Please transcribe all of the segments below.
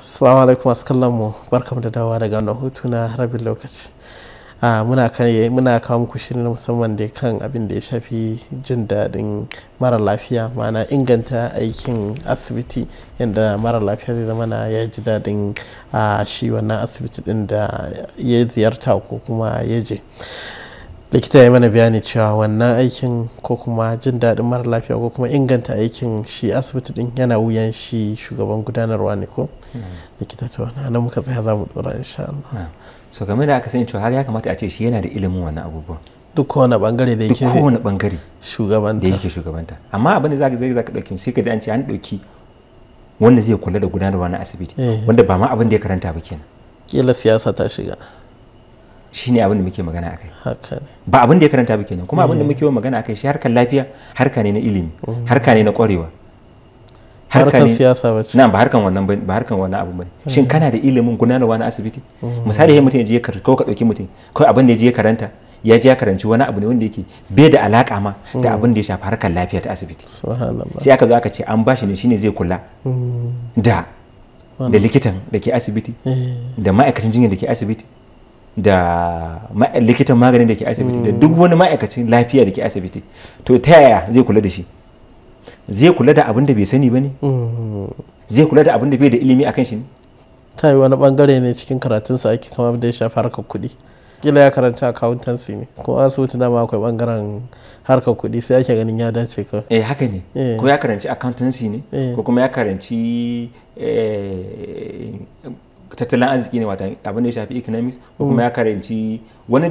salamu alaikum masu kallon mu barkam da dawa daga wannan hutu na rabin lokaci. muna muna kawo muku shirin musamman da kan abin da ya shafi jin daɗin mara lafiya mana inganta aikin asibiti yadda mara lafiya zai zama na ya ji daɗin shi wannan asibiti ɗin da ya ziyarta ko kuma ya je. likita ya mana bayani cewa wannan aikin ko kuma jin daɗin mara lafiya ko kuma inganta aikin shi asibiti din yana wuyan shi shugaban gudanarwa ne ko hmm. likita to na muka tsaya za mu dora insha Allah hmm. so game da aka sani cewa har ya kamata a ce shi yana da ilimin wannan abubuwan duk kowane bangare da yake kowane bangare shugabanta da yake shugabanta amma abin da zaka zai zaka dauki sai ka ji an ce an dauki wanda zai kula da gudanarwa na asibiti eh. wanda ba ma abin da ya karanta ba kenan kila siyasa ta shiga shine abin da muke magana akai ba abin da ya karanta ba kenan kuma abin da mm. muke magana akai shi harkar lafiya harka ne na ilimi mm. harka ne na kwarewa harka ne siyasa ba na ba harkan wannan ba harkan wannan abu ba shin mm. kana da ilimin gudanarwa na asibiti misali mutum ya je ko ka dauki mutum ko abin da ya je ya karanta ya je ya karanci wani abu ne wanda yake bai da alaka ma da abin da ya shafi harkar lafiya ta asibiti sai aka zo aka ce an bashi ne shine zai kula da da likitan da ke asibiti eh. da ma'aikacin jinya da ke asibiti da likitan maganin da ke asibiti da mm. duk wani ma'aikacin lafiya da ke asibiti to ta yaya zai kula da shi zai kula da abin da bai sani ba ne mm. zai kula da abin da bai da ilimi akan shi ne ta yi wani bangare ne cikin karatunsa ake kama da ya shafi harkar kuɗi kila ya karanta accountancy ne ko asibiti dama akwai bangaren harkar kuɗi sai ake ganin ya dace ka eh haka ne eh. ko ya karanci accountancy ne eh. ko kuma ya karanci eh, tattalin arziki ne wata abin da ya shafi economics ko kuma mm. ya karanci wani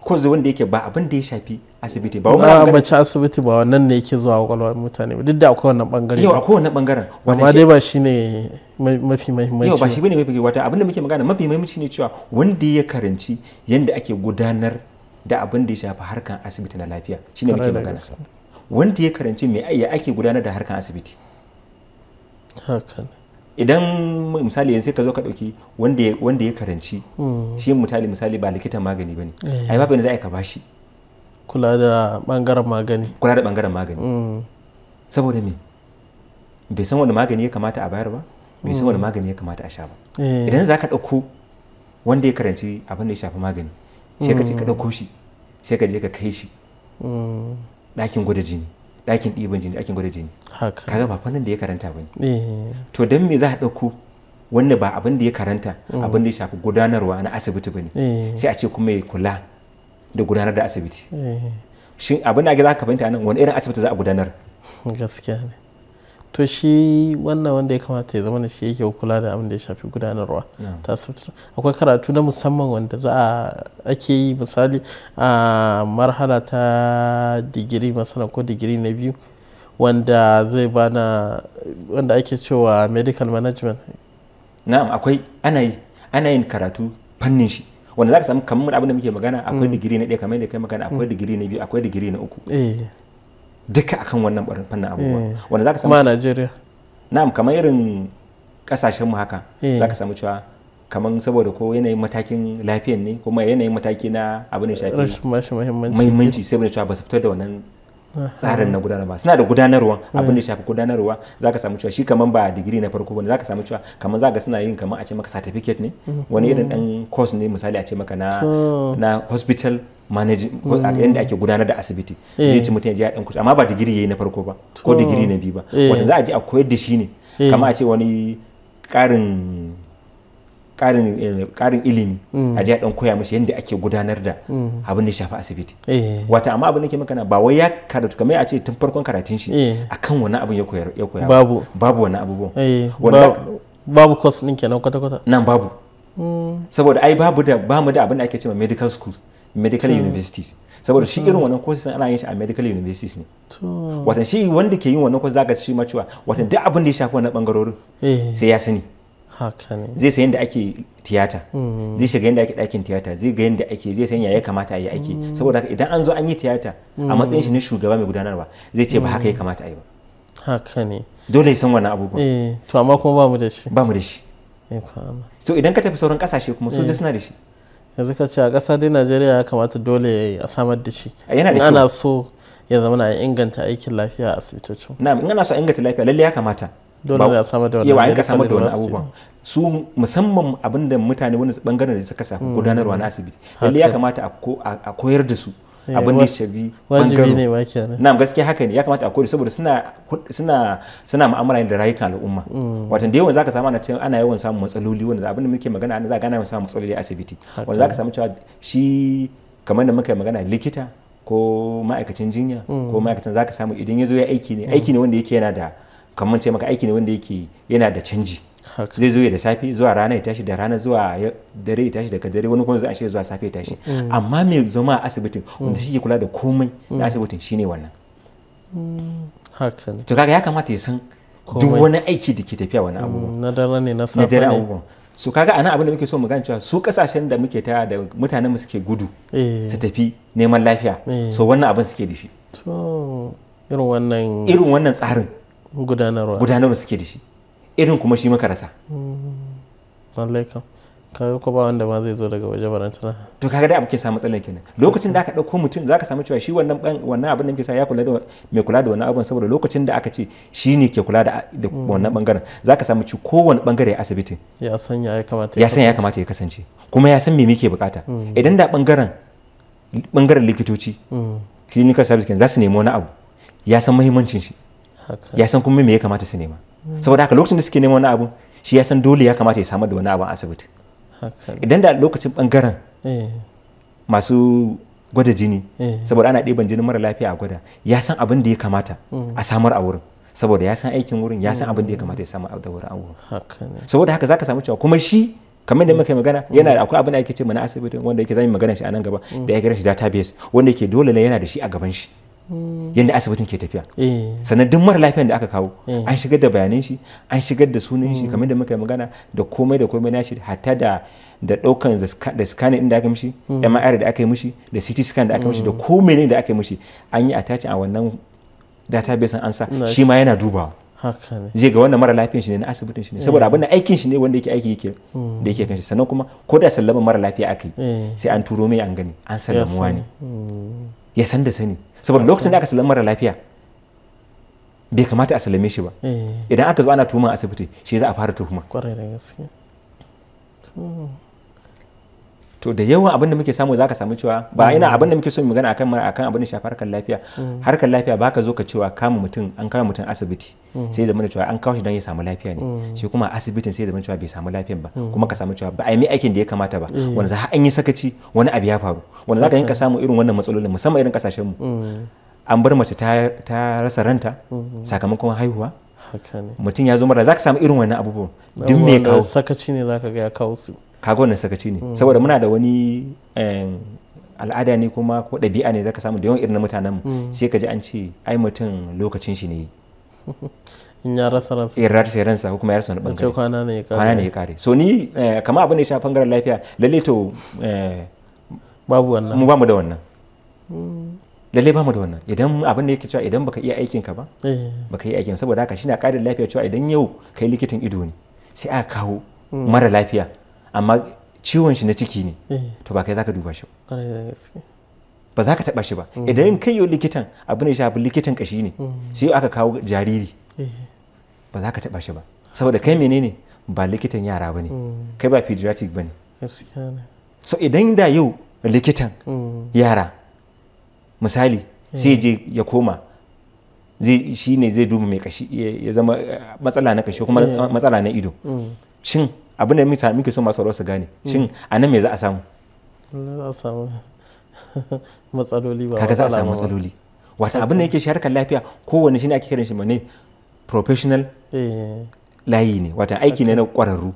kwas wanda yake ba abin da ya shafi asibiti ba wani bacci asibiti ba wannan ne yake zuwa kwakwalwar mutane duk da akwai wannan bangare yau akwai wannan bangaren amma dai ba shi ne mafi mahimmanci yau ba shi bane mafi wata abin da muke magana mafi mahimmanci ne cewa wanda ya karanci yadda ake gudanar da abin da ya shafi harkan asibiti na lafiya shine muke magana wanda ya karanci me ake gudanar da harkan asibiti hakan idan misali yanzu ka zo ka ɗauki wanda ya karanci hmm. shi mutali misali ba likitan magani ba ne eh. a yi babu za a yi ka bashi kula da bangaren magani kula da bangaren magani hmm. saboda me bai san wani magani ya kamata a bayar ba bai san hmm. wani magani ya kamata a sha ba eh. idan za ka ɗauko wanda ya karanci abin da ya shafi magani sai ka ce ka ɗauko shi sai ka je ka kai shi ɗakin gwada jini ɗakin ɗiban jini ɗakin gwada jini kaga ba fannin da ya karanta ba ne eh. to don me za a ɗauko wanda ba abin da ya karanta mm. abin da ya shafi gudanarwa na asibiti ba ne eh. sai a ce kuma ya kula da gudanar da asibiti eh. shin abin da ake za ka fahimta nan wani irin asibiti za a gudanar gaskiya ne to shi wannan wanda ya kamata ya zama da shi yake kula da abin da ya shafi gudanarwa ta akwai karatu na musamman wanda za a ake yi misali a marhala ta digiri masana ko digiri na biyu wanda zai bana wanda ake cewa medical management na'am akwai ana yi ana yin karatu fannin shi wanda za ka samu kamar abin da muke magana akwai mm. digiri na ɗaya kamar da kai magana akwai mm. digiri na biyu akwai digiri na uku eh. duka akan wannan barin fannin abubuwa mm. wanda zaka samu Najeriya na'am kamar irin kasashen mu haka mm. zaka samu cewa kamar saboda ko yanayin matakin lafiyan ne kuma yanayin mataki na abin da shafi muhimmanci sai bane cewa ba su fitar da wannan tsarin na gudanarwa suna da gudanarwa eh. abin da shafi gudanarwa zaka samu cewa shi kaman ba digiri na farko bane zaka samu cewa kaman zaka suna yin kaman a ce maka certificate ne mm-hmm. wani irin dan mm-hmm. course ne misali a ce maka na na hospital manage mm-hmm. yadda ake gudanar da asibiti eh. zai ci mutum ya je ya dan kusa amma ba digiri yayi na farko ba ko digiri na biyu ba eh. wanda za a je a koyar da shi ne kaman a ce wani karin Eh, karin ilimi mm. a ji dan koya mishi yadda ake gudanar da mm. abin da ya shafi asibiti eh. wata amma abin da ke makana ba wai ya karatu kamar a ce tun farkon karatun shi eh. akan wani abin ya koya babu babu wani abubuwan babu course ɗin kenan kwata-kwata nan babu mm. saboda ai babu da ba mu da abin da ake cewa medical schools medical universities saboda shi irin wannan courses ana yin shi a medical universities ne watan shi wanda ke yin wannan course zaka shi ma cewa watan duk abin da ya shafi wannan bangarorin sai ya sani zai san yadda ake tiyata mm. zai shiga yadda ake ɗakin tiyata zai ga yadda ake zai san yaya kamata a yi aiki mm. saboda haka idan an zo an yi tiyata a matsayin shi na mm. shugaba mai gudanarwa zai ce ba haka ya kamata a yi ba haka ne dole ya san wannan abubuwan eh, to amma kuma ba mu da shi ba mu da shi so idan ka tafi sauran kasashe kuma su da eh. suna da shi yanzu ka ce a ƙasa dai najeriya ya kamata dole a samar da shi ana so ya zama na inganta aikin lafiya a asibitocin na'am in ana so inganta lafiya lalle ya kamata dole ne a samar da wannan yawa ka samar da wani abubuwan su musamman abin da mutane wani bangaren da suka shafi hmm. gudanarwa na asibiti lalle ya kamata a koyar da su eh, abin da shabi wajibi ne ba gaskiya haka ne ya kamata a koyar saboda suna suna suna mu'amala da rayukan al'umma hmm. wato da yawan zaka samu ana cewa ana yawan samun matsaloli wanda abin da muke magana ana zaka ana yawan samun matsaloli a asibiti wanda zaka samu cewa shi kamar da muka magana likita ko ma'aikacin jinya hmm. ko ma'aikacin zaka samu idan ya zo ya aiki ne aiki ne wanda yake yana da kamar ce maka aiki ne wanda yake yana da canji zai zo da safe zuwa rana ya tashi da rana zuwa dare ya tashi daga dare wani kuma zai zuwa safe ya tashi mm. amma mai zama a asibitin wanda mm. shi ke kula da komai na mm. asibitin shine wannan to kaga ya kamata ya san duk wani aiki da ke tafiya wani abu na dare ne na safe ne su kaga anan abin da muke so mu gane cewa su kasashen da muke ta da mutanen mu suke gudu eh. su tafi neman lafiya eh. so wannan abin suke da shi irin wannan tsarin gudanarwa gudanarwa suke da shi irin kuma shi maka rasa kawai hmm. kam ko ba wanda ma zai zo daga waje barantana to kaga da muke samu matsalar kenan lokacin da aka dauko mutum zaka samu cewa shi wannan wannan abin da muke sa ya kula da mai kula da wannan abin saboda lokacin da aka ce shi ne ke kula da hmm. wannan bangaren zaka samu ci kowane bangare asibitin ya san ya kamata ya san ya kamata ya kasance kuma ya san me muke bukata hmm. idan da bangaren bangaren likitoci clinical service kenan za su nemi wani abu ya san muhimmancin shi ya san kuma me ya kamata su nema saboda haka lokacin da suke neman wani abu shi ya san dole ya kamata ya samar da wani abu a asibiti idan da lokacin bangaren eh. masu gwada jini eh. saboda ana ɗiban jinin mara lafiya a gwada ya san abin da ya kamata hmm. a samar a wurin saboda ya san aikin wurin ya san abin da ya hmm. kamata ya samar a wurin a wurin saboda haka zaka samu cewa kuma shi kamar da hmm. muka magana yana da akwai abin da ake ce mana asibiti wanda yake zai magana shi a nan gaba da ya kira shi database wanda yake dole ne yana da shi a gaban shi Hmm. yadda asibitin ke tafiya eh. sannan duk mara lafiyan da aka kawo eh. an shigar da bayanan shi an shigar da sunan shi hmm. kamar da muka magana da komai da komai nashi hatta da da daukan da scanning da aka mishi MRI hmm. da aka yi mishi da CT scan da aka mishi da komai ne da aka yi mishi an yi attach a wannan database an sa shi ma yana dubawa zai ga wannan mara lafiyan shi ne na asibitin shi ne saboda abin aikin shi ne wanda yake aiki yake da yake kanshi sannan kuma ko da sallama mara lafiya aka yi eh. sai an turo mai an gani an sallamuwa ne ya san da sani saboda lokacin da aka sallama mara lafiya bai kamata a sallame shi ba eh. idan aka zo ana tuhuma asibiti shi za a fara tuhuma kwarai da gaske to da yawan abin da muke samu zaka samu cewa ba ina mm. abin da muke so mu magana akan akan abin da shafi harkar lafiya mm. harkar lafiya baka zo ka cewa kama mutum an kama mutum asibiti mm. sai zama cewa an kawo shi don ya samu lafiya ne shi kuma asibitin sai zama cewa bai samu lafiyan ba kuma ka samu cewa ba a yi aikin da ya kamata ba wanda za an yi sakaci wani abu ya faru wanda yi ka samu irin wannan matsalolin musamman irin kasashen mu an bar mace ta rasa ranta mm-hmm. sakamakon haihuwa mutum ya zo mara za ka samu irin wannan abubuwan duk mai kawo sakaci ne za ka ga ya kawo su kaga na sakaci ne mm. saboda muna da wani eh, al'ada ne kuma ko ɗabi'a ne zaka samu da yawan irin mutanen mu mm. sai ka ji an ce ai mutum lokacin shi ne in ya rasa ransa in rasa ransa ko kuma ya rasa wani bangare kwana ne ya kare kwana ne ya kare so ni eh, kamar abin da ya shafi bangaren lafiya lalle to eh, babu wannan mu bamu da wannan mm. lalle ba mu da wannan idan abin da yake cewa idan baka iya aikin ka ba baka iya aikin saboda haka na ƙarin lafiya cewa idan yau kai likitan ido ne sai aka kawo mara lafiya amma ciwon shi na ciki ne eh. to ba kai za ka duba shi ba za ka taba shi ba mm-hmm. idan kai yau likitan abin da ya shafi likitan kashi ne mm-hmm. sai aka kawo jariri eh. ba za ka taba shi ba saboda kai menene ba likitan yara ba ne mm. kai ba pediatric ba ne so idan da yau likitan mm. yara misali eh. sai je ya koma shi ne zai duba mai kashi ya zama matsala na kashi kuma matsala na ido mm. shin abin da muke so masu su gane hmm. shin a nan me za a samu matsaloli ba kaga za a samu matsaloli wata abin da yake shi harkar lafiya kowane shi ne ake kiran shi ne professional eh. layi ne wata aiki ne na kwararru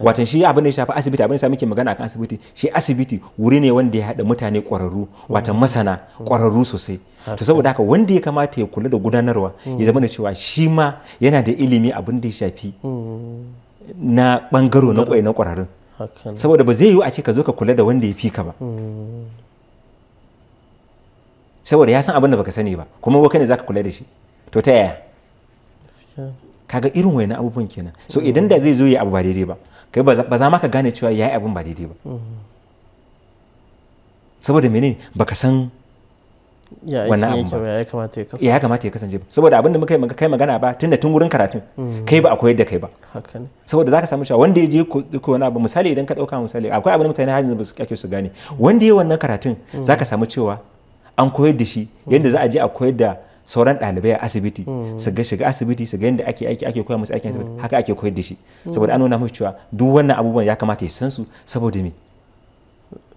watan shi abin da ya shafi asibiti abin da muke magana akan asibiti shi asibiti wuri ne wanda ya haɗa mutane kwararru watan hmm. masana kwararru hmm. sosai to saboda haka wanda ya kamata ya kula da gudanarwa ya zama da cewa shi ma yana da ilimi abin da ya shafi na bangaro na kwai na kwararin saboda ba zai yiwu a ce ka zo ka kula da wanda ya fi ka ba hmm. saboda ya san abin da baka sani ba kuma waka ne za ka kula da shi to ta yaya kaga irin wayannan abubuwan kenan so hmm. idan da zai zo ya abu ba daidai ba kai ba za ma ka gane cewa ya yi abin ba daidai ba hmm. saboda menene baka san wannan abu ba ya kamata ya kasance ya saboda abinda muka yi kai magana ba tunda tun wurin karatun mm. kai ba a koyar da kai ba saboda za ka samu cewa wanda ya je ko wani abu misali idan ka dauka misali akwai abin mutane hajji ba su kake su gane wanda ya wannan karatun mm. za ka samu cewa an koyar da shi mm. yadda za a je a koyar da sauran ɗalibai a asibiti su ga shiga asibiti su ga yadda ake aiki ake koya musu aikin asibiti haka ake koyar da shi saboda an nuna mu cewa duk wannan abubuwan ya kamata ya san su saboda me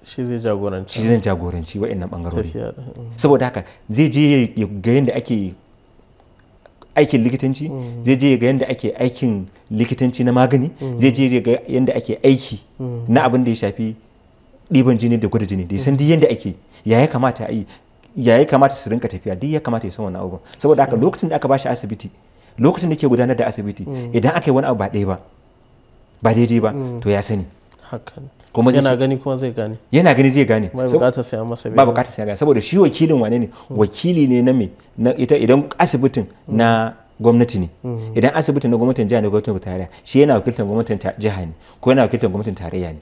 shi zai jagoranci shi zai jagoranci wa'annan bangarori mm. saboda haka zai je ga yadda ake aikin likitanci mm. zai je ga yadda ake aikin likitanci na magani mm. zai je ga yadda ake aiki na abin da ya shafi ɗiban jini da gwada jini da san duk yadda ake ya ya kamata a yi ya ya kamata su rinka tafiya duk ya kamata ya san wannan abubuwan saboda haka lokacin da aka bashi asibiti lokacin da ke gudanar da asibiti idan aka yi wani abu ba ɗaya ba ba daidai ba to ya sani kuma yana gani kuma zai gane yana gani zai gane ba bukatar sai masa ba gane saboda shi wakilin wane ne hmm. wakili ne na me na ita idan asibitin hmm. na gwamnati ne hmm. idan asibitin na gwamnatin jiha ne gwamnatin tarayya shi yana wakiltar gwamnatin jiha ne ko yana wakiltar gwamnatin tarayya ne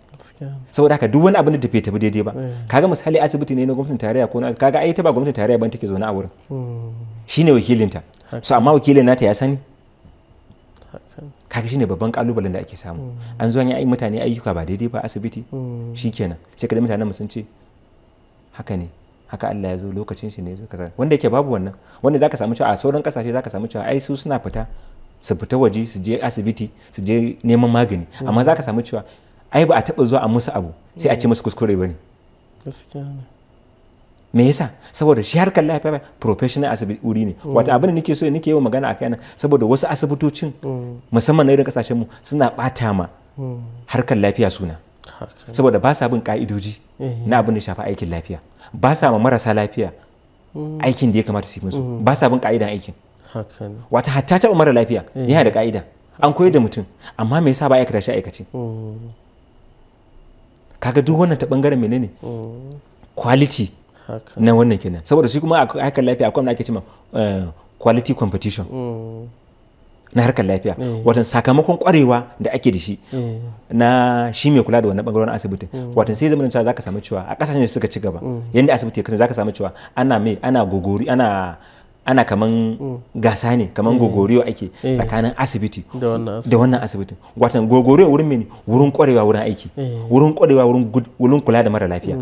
saboda haka duk wani abin da tafi tafi daidai ba kaga misali asibiti ne na gwamnatin tarayya ko kaga ai ta ba gwamnatin tarayya ban take zaune a wurin shine wakilinta so amma wakilin nata ya sani kaga shine babban kalubalen da ake samu mm. an zo yi mutane ayyuka ba daidai ba asibiti mm. shikenan sai kada mutanen sun ce haka ne haka Allah ya zo lokacin shi ne kaza wanda yake babu wannan wanda zaka samu cewa a sauran kasashe zaka samu cewa ai su suna fita su fita waje su je asibiti su je neman magani mm. amma zaka samu cewa ai ba a taba zuwa a musu abu sai a ce musu kuskure bane gaskiya me yasa saboda shi harkar lafiya professional asibiti wuri ne mm. wata abin da nake so nake yi magana akai nan saboda wasu asibitocin mm. musamman na irin kasashen mu suna bata ma mm. harkar lafiya suna saboda ba sa bin ka'idoji eh. na abin da shafi aikin lafiya ba sa ma marasa lafiya aikin da ya kamata su yi musu ba sa bin ka'idan aikin wata hatta taba mara lafiya eh. yana da ka'ida an koyar da mutum amma me yasa ba aikata shi aikace kaga duk wannan ta bangaren menene quality na wannan kenan saboda shi kuma a harkar lafiya akwai ake cewa eh, quality competition mm. na harkar lafiya mm. watan sakamakon kwarewa da ake da shi mm. na shi mai kula da wannan bangaren asibitin watan sai zamanin cewa zaka samu cewa a kasashen suka ci gaba yanda asibiti ya kasance zaka samu cewa ana mai ana gogori ana ana kaman gasa ne kaman gogoriyo ake tsakanin asibiti da wannan asibiti watan gogoriyo wurin mene wurin kwarewa wurin aiki wurin kwarewa wurin kula da mara lafiya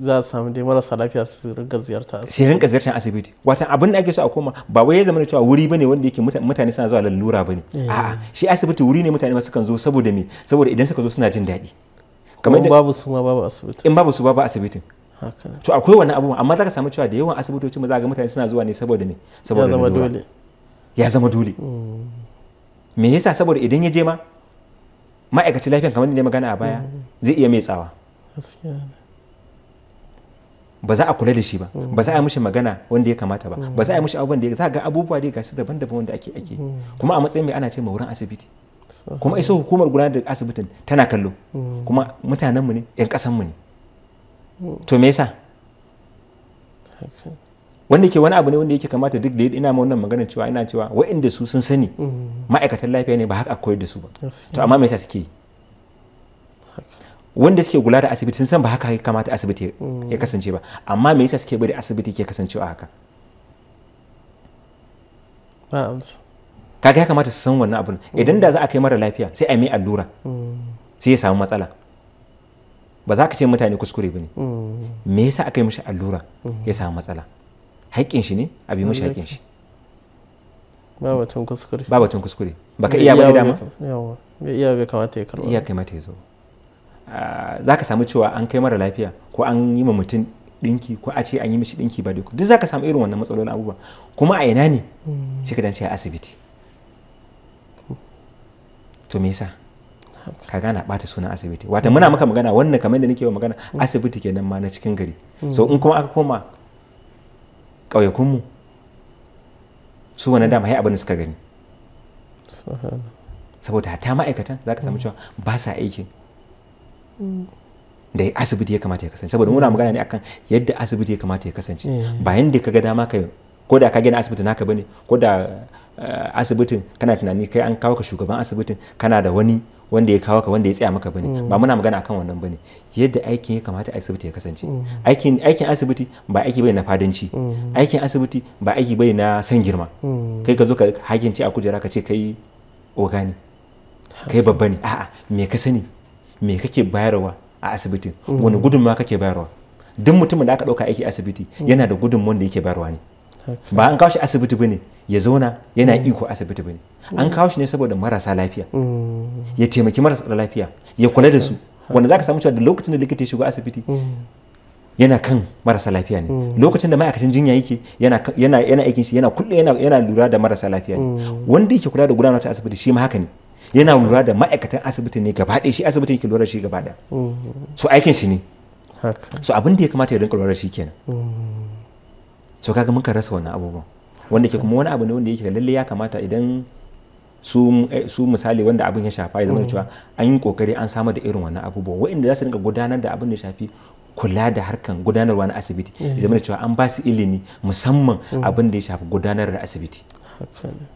za a samu dai marasa lafiya su rinka ziyarta asibiti su rinka ziyarta asibiti watan abin da ake so a koma ba wai ya zama cewa wuri bane wanda yake mutane suna zuwa lallura bane eh. a'a shi asibiti wuri ne mutane masu kan zo saboda me saboda idan suka zo suna jin daɗi kamar in babu su ma babu asibiti in babu su babu asibitin to akwai wani abu amma za ka samu cewa da yawan asibitoci ma za ga mutane suna zuwa ne saboda me saboda ya zama dole ya zama dole mm. me yasa saboda idan ya je ma ma'aikacin lafiyan kamar da ne magana a baya mm. zai iya mai tsawa ba za a kula da shi ba mm. ba za a mishi magana wanda ya kamata ba mm. ba za a mishi abubuwan da za ga abubuwa da gashi daban-daban wanda ake ake mm. kuma a matsayin mai ana ce ma wurin asibiti kuma iso hukumar gudanar da asibitin tana kallo kuma mutanenmu ne 'yan kasanmu ne to me yasa wanda ke wani abu ne wanda yake kamata duk da ina ma wannan magana cewa ina cewa wa'inda su sun sani ma'aikatan lafiya ne ba haka koyar da su ba to amma me yasa suke yi wanda suke kula da asibiti sun san ba haka kamata asibiti ya mm. kasance ba amma me yasa suke bari asibiti ke kasancewa haka kaga ya kamata su san wannan abin mm. idan da za a kai mara lafiya sai a mai allura mm. sai ya samu matsala ba za ka ce mutane kuskure ba ne me yasa aka yi mishi allura ya samu matsala haƙƙin shi ne a bi mishi haƙƙin shi ba batun kuskure ba batun kuskure ka iya ba dama iya bai kamata ya karba iya kamata ya zo Ah, za ka samu cewa an kai mara lafiya ko an yi ma mutum dinki ko a ce an yi mishi dinki ba duk duk za ka samu irin wannan matsalolin abubuwa kuma a ina ne hmm. sai ka dace a asibiti to me yasa ka gana bata sunan asibiti wata muna maka magana wannan kamar da nake magana hmm. asibiti kenan ma na cikin gari hmm. so in kuma aka koma mu su wannan dama sai abin da suka gani saboda ta ma'aikatan za ka samu cewa ba sa aikin da asibiti ya kamata ya kasance saboda muna magana ne akan yadda asibiti ya kamata ya kasance eh. ba yadda ka ga dama ka ko da ka gina asibiti naka bane ko da eh, asibitin kana tunani kai an kawo ka shugaban asibitin kana da wani wanda ya kawo ka wanda ya tsaya maka bane mm. ba muna magana akan wannan bane yadda aikin ya kamata asibiti ya kasance mm. aikin aikin asibiti ba aiki bane na fadanci mm. aikin asibiti ba aiki bane na san girma kai ka zo ka hakince a kujera ka ce kai ogani kai babba ne a'a me ka sani me kake bayarwa a asibiti. wani gudunmawa kake bayarwa duk mutumin da aka dauka aiki asibiti yana da gudunmawan da yake bayarwa ne ba an kawo shi asibiti bane ya zauna yana mm. iko asibiti bane an kawo shi ne saboda marasa lafiya mm. ya taimaki marasa lafiya ya kula da su wanda zaka samu cewa da lokacin da likita ya shigo asibiti mm. yana kan marasa lafiya ne lokacin da ma'aikacin jinya yake yana aikin shi yana kullum yana lura da marasa lafiya ne wanda yake kula da gudanar ta asibiti shi ma haka ne yana lura da ma'aikatan asibiti ne gaba ɗaya shi asibitin yake lura da shi gaba ɗaya mm-hmm. so aikin shi ne so abin da ya kamata ya rinka lura da shi kenan mm-hmm. so kaga muka rasa wannan abubuwan wanda ke kuma wani abu ne wanda yake lalle ya kamata idan su eh, misali wanda abin ya shafa ya zama mm. cewa an yi kokari an samar da irin wannan abubuwa waɗanda za su rinka gudanar da abin da shafi kula da harkan gudanarwa na asibiti ya mm-hmm. zama cewa an ba su ilimi musamman mm. abin da ya shafi gudanar da asibiti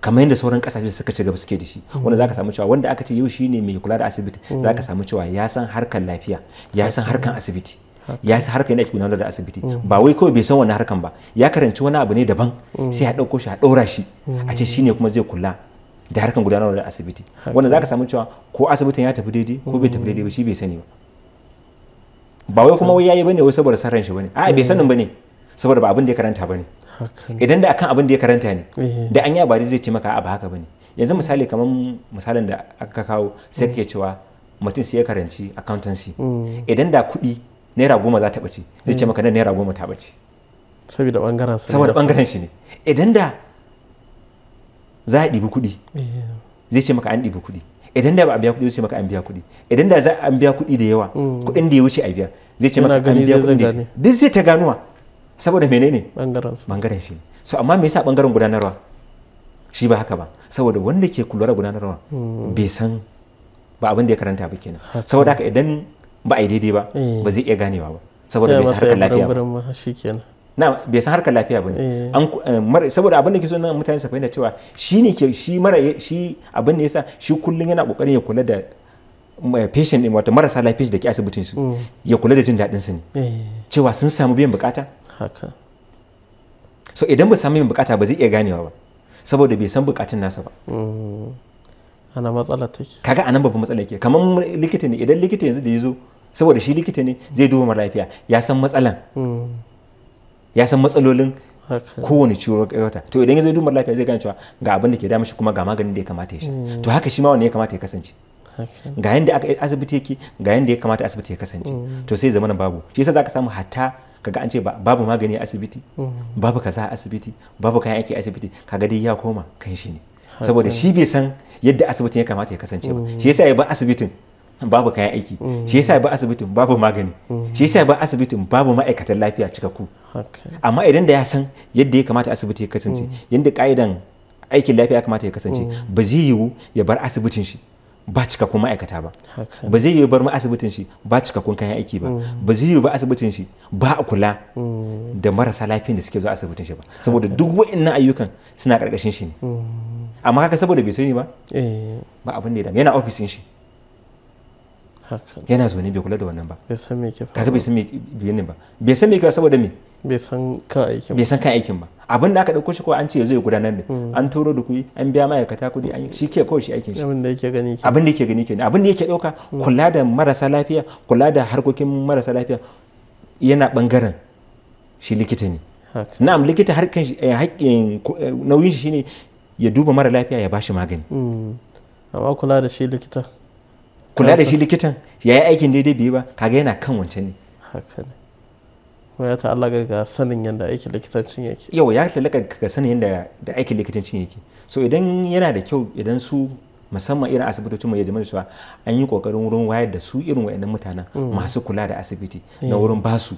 kamar yadda sauran kasashe suka ci gaba suke da shi wanda zaka samu cewa wanda aka ce yau shine mai kula da asibiti mm. zaka samu cewa ya san harkan lafiya ya san harkan asibiti ya san harkan yadda ake gudanar da asibiti mm. ba wai kawai bai san wani harkan ba ya karanci wani abu ne daban mm. sai ya dauko shi a ɗora shi a ce shi ne kuma zai kula da harkan gudanar da asibiti wanda zaka samu cewa ko asibitin ya tafi daidai ko bai tafi daidai ba shi bai sani ba ba wai kuma wai yayi bane wai saboda sarran shi bane a bai sanin bane saboda ba abin da ya karanta bane idan da akan abin da ya karanta ne eh. da an yi abari zai ce maka abu haka bane yanzu misali kamar misalin da aka kawo sai kake cewa mutum sai ya karanci accountancy mm. idan da kuɗi naira goma za ta ɓace zai ce mm. maka naira goma ta ɓace saboda bangaren saboda bangaren shi ne idan da za a ɗibi kuɗi eh. zai ce maka an ɗibi kuɗi idan da ba a biya kuɗi zai ce maka an biya kuɗi idan da za a biya kuɗi da yawa mm. kuɗin da ya wuce a biya zai ce maka an biya kuɗi duk zai ta ganuwa saboda menene bangaren shi so amma me yasa bangaren gudanarwa shi ba haka ba saboda wanda ke kula da gudanarwa hmm. bai san ba abin da ya karanta ba kenan saboda haka idan ba a yi daidai ba eh. ba zai iya ganewa ba saboda bai san harkar lafiya ba na bai san harkar lafiya ba ne eh. eh, saboda abin da ke so na mutane su fahimta cewa shi ne ke shi mara shi abin da yasa shi kullun yana kokarin ya kula da patient din wato marasa lafiya da ke asibitin su hmm. ya kula da jin daɗin su ne cewa sun samu biyan bukata haka so idan ba sami mai bukata ba zai iya ganewa ba saboda bai san bukatun nasa ba mm. ana matsala take kaga anan babban matsala ke kamar likita ne idan likita yanzu da ya zo saboda shi likita ne zai duba mara lafiya ya san matsalan mm. ya san matsalolin kowane ciwo wata to idan ya zai duba lafiya zai gane cewa ga abin da ke dama shi kuma ga maganin da ya kamata ya sha mm. to haka shi ma wani ya kamata ya kasance ga yanda aka asibiti yake ga yanda ya kamata asibiti ya kasance to sai zamanin babu shi yasa zaka samu hatta kaga an ce babu magani a asibiti mm. babu kaza a asibiti babu kayan aiki a asibiti kaga dai ya koma kan shi ne saboda shi bai san yadda asibitin ya kamata ya kasance ba mm. shi yasa ya ba asibitin babu kayan aiki mm. shi yasa ba asibitin babu magani shi yasa ba asibitin babu ma'aikatan lafiya cikakku amma idan da ya san yadda ya kamata asibiti ya kasance yadda ka'idan aikin lafiya ya kamata ya kasance ba zai yiwu ya bar asibitin shi ba cikakkun ma'aikata ba ba zai yi bar ma asibitin shi ba cikakkun kayan aiki ba mm. ba zai yi ba asibitin shi ba a kula mm. da marasa lafiyan da suke zuwa asibitin shi ba saboda duk wa'annan ayyukan suna karkashin shi ne mm. amma haka saboda bai sani ba eh. ba abin da yana ofisin shi yana zaune bai kula da wannan ba bai san me kaga bai san me biyan ba bai san me ka saboda me bai san kan aikin bai san kan aikin ba abin da aka dauko shi ko an ce ya zo ya gudanar ne hmm. an turo da kuɗi an biya ma'aikata kuɗi an shi ke kawai shi aikin shi abin da yake gani ke abin da yake gani ne abin da yake dauka hmm. kula da marasa lafiya kula da harkokin marasa lafiya yana bangaren shi likita ne na'am likita eh, haƙƙin eh, nauyin shi shine ya duba mara lafiya ya bashi magani hmm. amma kula da shi likita kula da shi likitan ya yi aikin daidai biyu ba kaga yana kan wancan ne haka ne kuma ga sanin yadda aikin likitancin yake yau ya ta'allaka ga sanin yadda da aikin likitancin yake so idan yana da kyau idan su musamman irin asibitocin mai jama'a cewa an yi kokarin wurin wayar da su irin wayannan mutanen mm. masu kula da asibiti na eh. wurin basu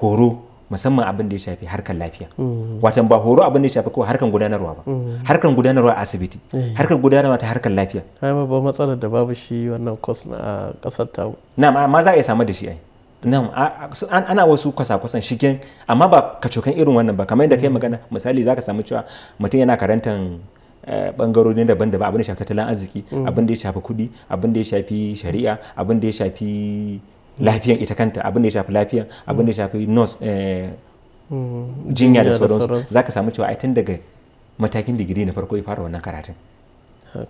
horo musamman abin da ya shafi harkar lafiya mm. watan ba horo abin da ya shafi ko harkar gudanarwa ba mm. harkar gudanarwa a asibiti eh. harkar gudanarwa ta harkar lafiya ai ba matsalar da babu shi wannan kwas na kasar ta na ma za a samu da shi ai nan ana wasu kwasa-kwasan shigen amma ba kacokan irin wannan ba kamar yadda kai magana misali zaka samu cewa mutum yana karantan bangarori eh, daban-daban abin da ya shafi tattalin arziki mm. abin da ya shafi kuɗi abin da ya shafi shari'a abin da ya shafi lafiyan ita kanta abin da ya shafi lafiya abin da ya shafi nurse eh, mm-hmm. jinya da sauransu za ka samu cewa ai tun daga matakin digiri na farko ya fara wannan karatun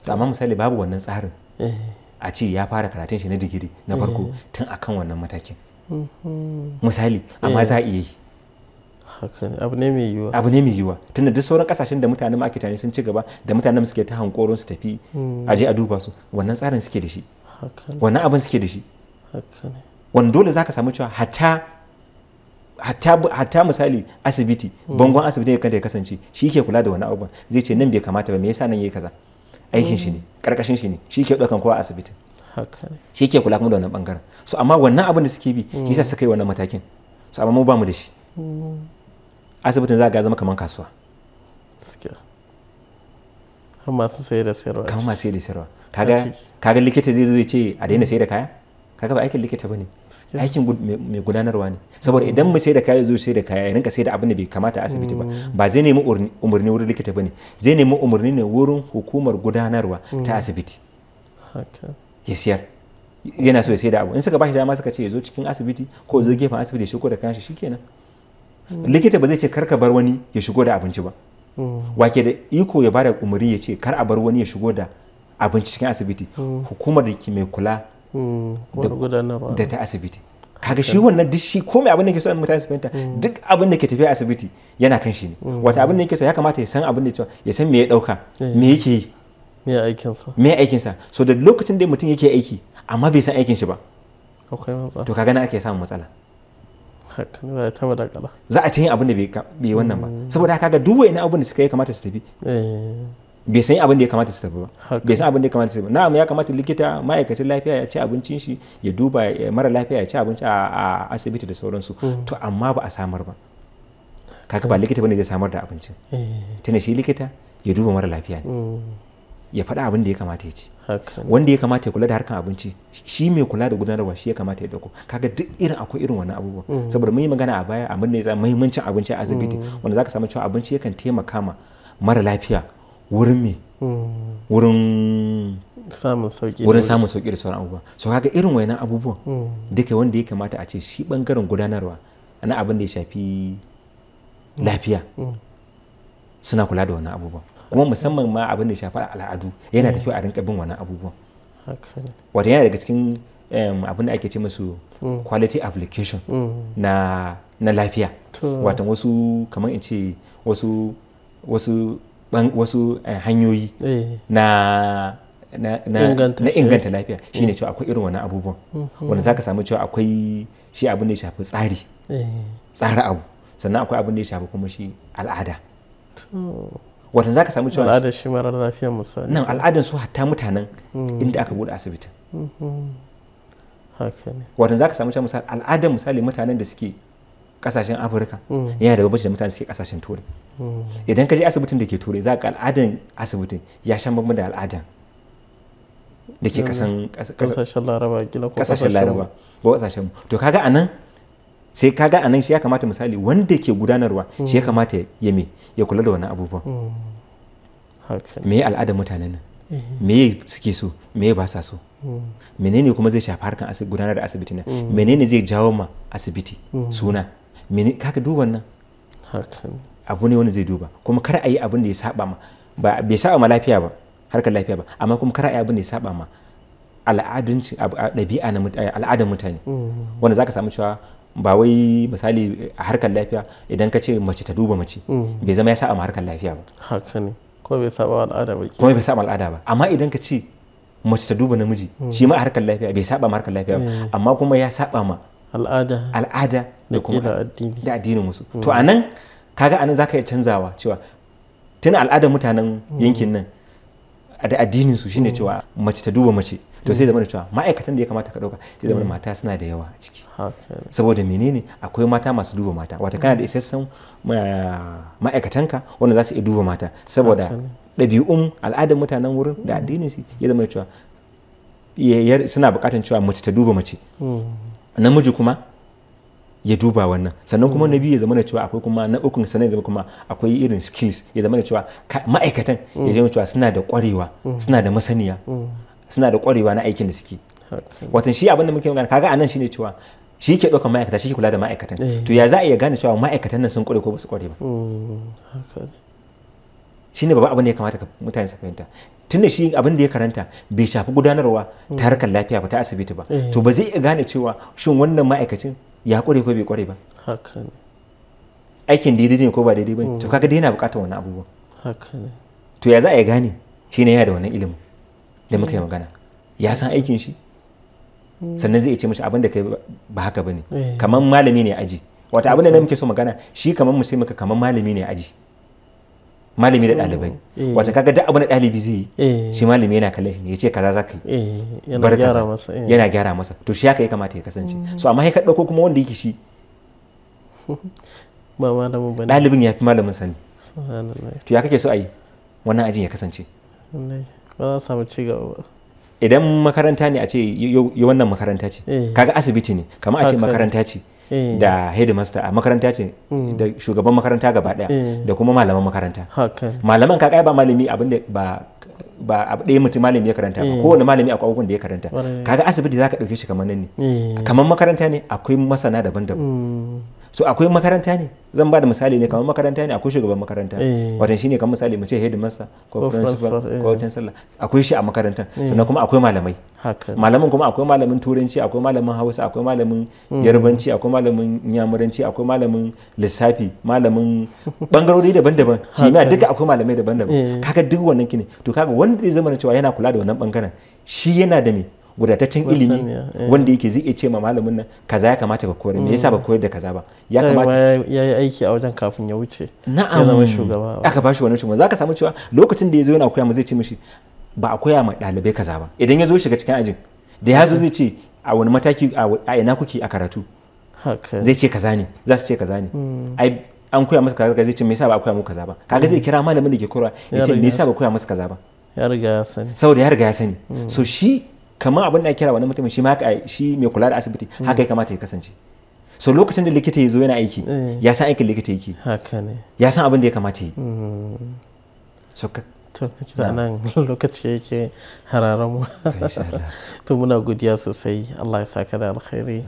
amma misali babu wannan tsarin eh. a ce ya fara karatun shi na digiri na farko eh. tun akan wannan matakin mm-hmm. misali amma za a iya yi abu ne mai yiwuwa abu ne tunda duk sauran kasashen da mutanen makitani sun ci gaba da mutanen suke ta hankoron su tafi mm. a je a duba su wannan tsarin suke da shi wannan abin suke da shi wanda dole za ka samu cewa hatta hatta misali asibiti bangon asibiti ne kanta ya kasance shi ke kula da wani abubuwan zai ce nan bai kamata ba me yasa nan yayi kaza aikin shi ne karkashin shi ne shi ke daukan kowa asibitin shi ke kula kuma da wannan bangaren so amma wannan abin da suke bi shi yasa suka yi wannan matakin so amma mu ba mu da shi mm. asibitin za ga zama kamar kasuwa kamar masu sayar da sayarwa kamar masu sayar da sayarwa kaga likita zai zo ya ce a daina sayar da kaya kaga ba aikin likita bane aikin mai gudanarwa ne saboda idan mu sai da kaya zo sai da kaya rinka sai da abin da bai kamata a asibiti ba mm. ba zai nemi umarni wurin likita bane zai nemi umarni ne wurin hukumar gudanarwa mm. ta asibiti ya siyar yana so ya sai da abu in suka bashi dama suka ce ya zo cikin asibiti ko zo gefen asibiti ya shigo da kayan shi shikenan mm. likita ba zai ce karka bar wani ya shigo da abinci ba wake da iko ya bada umarni ya ce kar a bar wani ya shigo da abinci cikin asibiti hukumar da ke mai kula Hmm, da ta asibiti kaga shi wannan duk shi komai abin da ke so in mutane su fahimta hmm. duk abin da ke tafiya asibiti yana kan shi ne hmm. wata abin da yake so ya kamata ya san abin da ya san me ya dauka eh. me yake yi me ya aikinsa me ya aikinsa so da lokacin da mutum yake aiki amma bai san aikin shi ba akwai matsala to kaga na ake samun matsala za a ta yin abin da bai wannan ba saboda kaga duk wani abin da suka yi kamata su tafi eh. bai san abin da ya kamata su tafi ba bai san abin da ya kamata su tafi na'am ya kamata likita ma'aikacin lafiya ya ci abincin shi ya duba mara lafiya ya ci abinci a asibiti da sauransu hmm. to amma ba a samar ba kaga ba hmm. likita bane zai samar da abincin eh. tana shi likita ya duba mara lafiya ne hmm. ya faɗa abin da ya kamata ya ci wanda ya kamata ya kula da harkan abinci shi mai kula da gudanarwa shi ya kamata ya dauko kaga duk irin akwai irin wannan abubuwa saboda mun yi magana a baya abin da ya muhimmancin abinci a asibiti wanda zaka samu cewa abinci yakan taimaka ma mara lafiya wurin me mm. wurin samun sauki wurin samun sauki da sauran abubuwa so kaga irin wayannan abubuwan mm. duka wanda ya kamata a ce shi bangaren gudanarwa Ana abin da ya shafi mm. lafiya suna kula da wannan abubuwan kuma musamman ma abin da ya shafi al'adu yana da kyau a rinka bin wannan abubuwan wata yana daga cikin abin da ake ce masu. quality application na na lafiya watan wasu kamar in ce wasu wasu eh, hanyoyi eh. na na, na, inganta lafiya shi ne cewa akwai irin wani abubuwan mm-hmm. wanda za ka samu cewa akwai shi abin da ya shafi tsari eh. tsara abu sannan akwai abin da ya shafi kuma shi al'ada watan za ka samu cewa al'adar shi marar lafiya misali nan al'adar su hatta mutanen mm. inda aka bude asibitin mm-hmm. watan za ka samu cewa al'adar misali mutanen da suke kasashen afirka mm. yana da bambanci da mutane suke kasashen turai mm. idan ka je asibitin da ke turai za ka al'adan asibitin ya sha bambam da al'adan da ke mm. kasan kasashen laraba ko kasashen laraba ba kasashen mu to kaga anan sai kaga anan shi ya kamata misali wanda ke gudanarwa shi ya kamata ya me ya kula da wannan abubuwan me ya al'adan mutanen nan me ya suke so me ba sa so menene kuma zai shafi harkan gudanar da asibiti na menene zai jawo ma asibiti suna mene kaka duba nan abu ne wani zai duba kuma kar a yi abin da ya saba ma ba bai saba ma lafiya ba harkar lafiya ba amma kuma kar a yi abin da ya saba ma al'adunci ɗabi'a na al'adar mutane mm-hmm. wanda zaka samu cewa ba wai misali a harkar lafiya idan ka ce mace ta duba mace mm-hmm. bai zama ya saba ma harkar lafiya ba haka ne ko bai saba al'ada ba kuma bai saba al'ada ba amma idan ka ce mace ta duba namiji shi mm-hmm. ma a harkar lafiya bai saba ma harkar lafiya ba amma kuma ya saba ma al'ada al'ada da kuma da addinin musu mm. to a nan kaga za zaka iya canzawa cewa tun al'adar mutanen mm. yankin nan da addinin su shine mm. cewa mace ta duba mace to sai zama da cewa ma'aikatan da ya kamata ka dauka sai zama mata suna da yawa a ciki saboda menene akwai mata masu duba mata wata kana da isassan ma'aikatanka wanda za su iya duba mata saboda ɗabi'un al'adar mutanen wurin da addinin su ya zama da cewa suna buƙatar cewa mace ta duba mace namiji kuma ya duba wannan sannan kuma na mm. biyu ya zama da cewa akwai kuma na ukun sannan ya zama kuma akwai irin skills ya zama da cewa ma'aikatan ya mm. zama cewa suna da kwarewa mm. suna da masaniya suna da kwarewa na aikin da suke watan shi abin da muke magana kaga anan shine cewa shi ke ɗaukar ma'aikata shi ke kula da ma'aikatan eh. to ya za a iya gane cewa ma'aikatan nan sun kware ko ba su kware ba shi ne babban abin da ya kamata mutane su fahimta tun da shi abin da ya karanta bai shafi gudanarwa ta harkar lafiya ba ta asibiti ba eh. to ba zai iya gane cewa shin wannan ma'aikacin ya kware ko bai kware ba aikin daidai ne ko ba daidai ba ne to mm. kaga dai yana bukatar wani abubuwan to ya za a gane shi ne yana da wannan ilimi da muka yi mm. magana ya san aikin shi mm. sannan zai ce mishi abin da kai ba haka ba ne eh. kamar malami ne aji wata abin da na muke so magana shi kamar mu sai muka kamar malami ne aji malami da ɗalibai wata kaga duk abin da ɗalibi zai yi eh. shi malami yana kallon shi ne ya ce kaza za ka yi eh, eh. yana gyara masa to shi haka ya kamata ya kasance mm. so amma ya ka ko kuma wanda yake shi ba malamin ba ɗalibin ya fi malamin sani to ya kake so a yi wannan ajin ya kasance ba za samu ci gaba ba idan makaranta ne a ce yi wannan makaranta ce kaga asibiti ne kama a ce makaranta ce Eh. da headmaster a makaranta ce hmm. da shugaban makaranta gaba daya eh. da kuma malaman makaranta malaman ka ba malami abinda ba ba abu ɗaya mutum malami ya karanta ba eh. kowane malami akwai abubuwan da ya karanta kaga asibiti ka ɗauke shi kamar nan ne kamar makaranta ne akwai masana daban-daban hmm. so akwai makaranta ne zan ba da misali ne kamar makaranta ne akwai shugaban makaranta eh. watan shine kamar misali mu ce ko principal ko eh. sallah akwai shi a makarantar eh. sannan kuma akwai malamai malamin kuma akwai malamin turanci akwai malamin hausa akwai malamin hmm. yarbanci akwai malamin yamuranci akwai malamin lissafi malamin bangarori daban-daban kimiyya duka akwai malamai daban-daban kaga duk wannan kine to kaga wanda zai zama cewa yana kula da wannan bangaren shi yana da me wadataccen ilimi eh. wanda yake zai iya ce ma malamin nan kaza ya kamata ka koyar me yasa ba mm. koyar da kaza ba ya kamata ya yi aiki a wajen kafin ya wuce na'am ya zama shugaba aka bashi wannan shugaba zaka samu cewa lokacin da ya yana koya ma zai ce mishi ba a koya ma dalibai kaza ba idan ya zo shiga cikin ajin da ya zo zai ce a wani mataki a ina kuke a karatu zai ce kaza ne za su ce kaza ne mm. ai an koya masa kaza zai ce me yasa ba a koya mu kaza ba kaga zai mm. kira malamin da ke koyarwa ya ce me yasa ba koya masa kaza ba ya riga ya sani saboda ya riga ya sani so shi kamar abin da kira wani mutumin shi ma haka shi mai kula da asibiti haka ya kamata ya kasance so lokacin da likita ya zo yana aiki eh. ya san aikin likita yake ya san abin da ya kamata yi hmm. so ka to kita nan lokaci yake hararan mu to muna godiya sosai Allah ya saka da alkhairi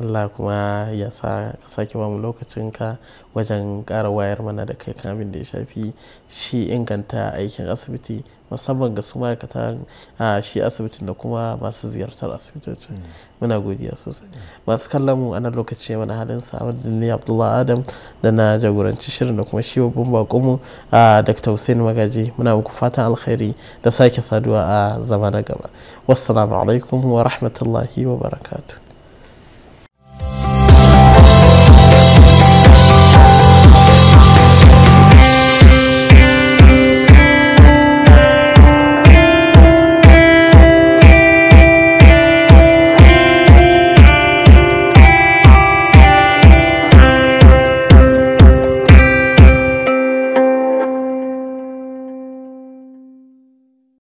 Allah kuma ya sa ka sake ba mu lokacin ka wajen ƙara wayar mana da kai kamin da ya shafi shi inganta aikin asibiti musamman ga su ma'aikata a shi asibitin da kuma masu ziyartar asibitocin mm. muna godiya sosai masu kallon mu a lokaci mana halin sa da ni abdullahi adam da na jagoranci shirin da kuma shi babban bakon mu dr hussein magaji muna muku fatan alkhairi da sake saduwa a zama na gaba wassalamu alaikum wa rahmatullahi wa barakatu.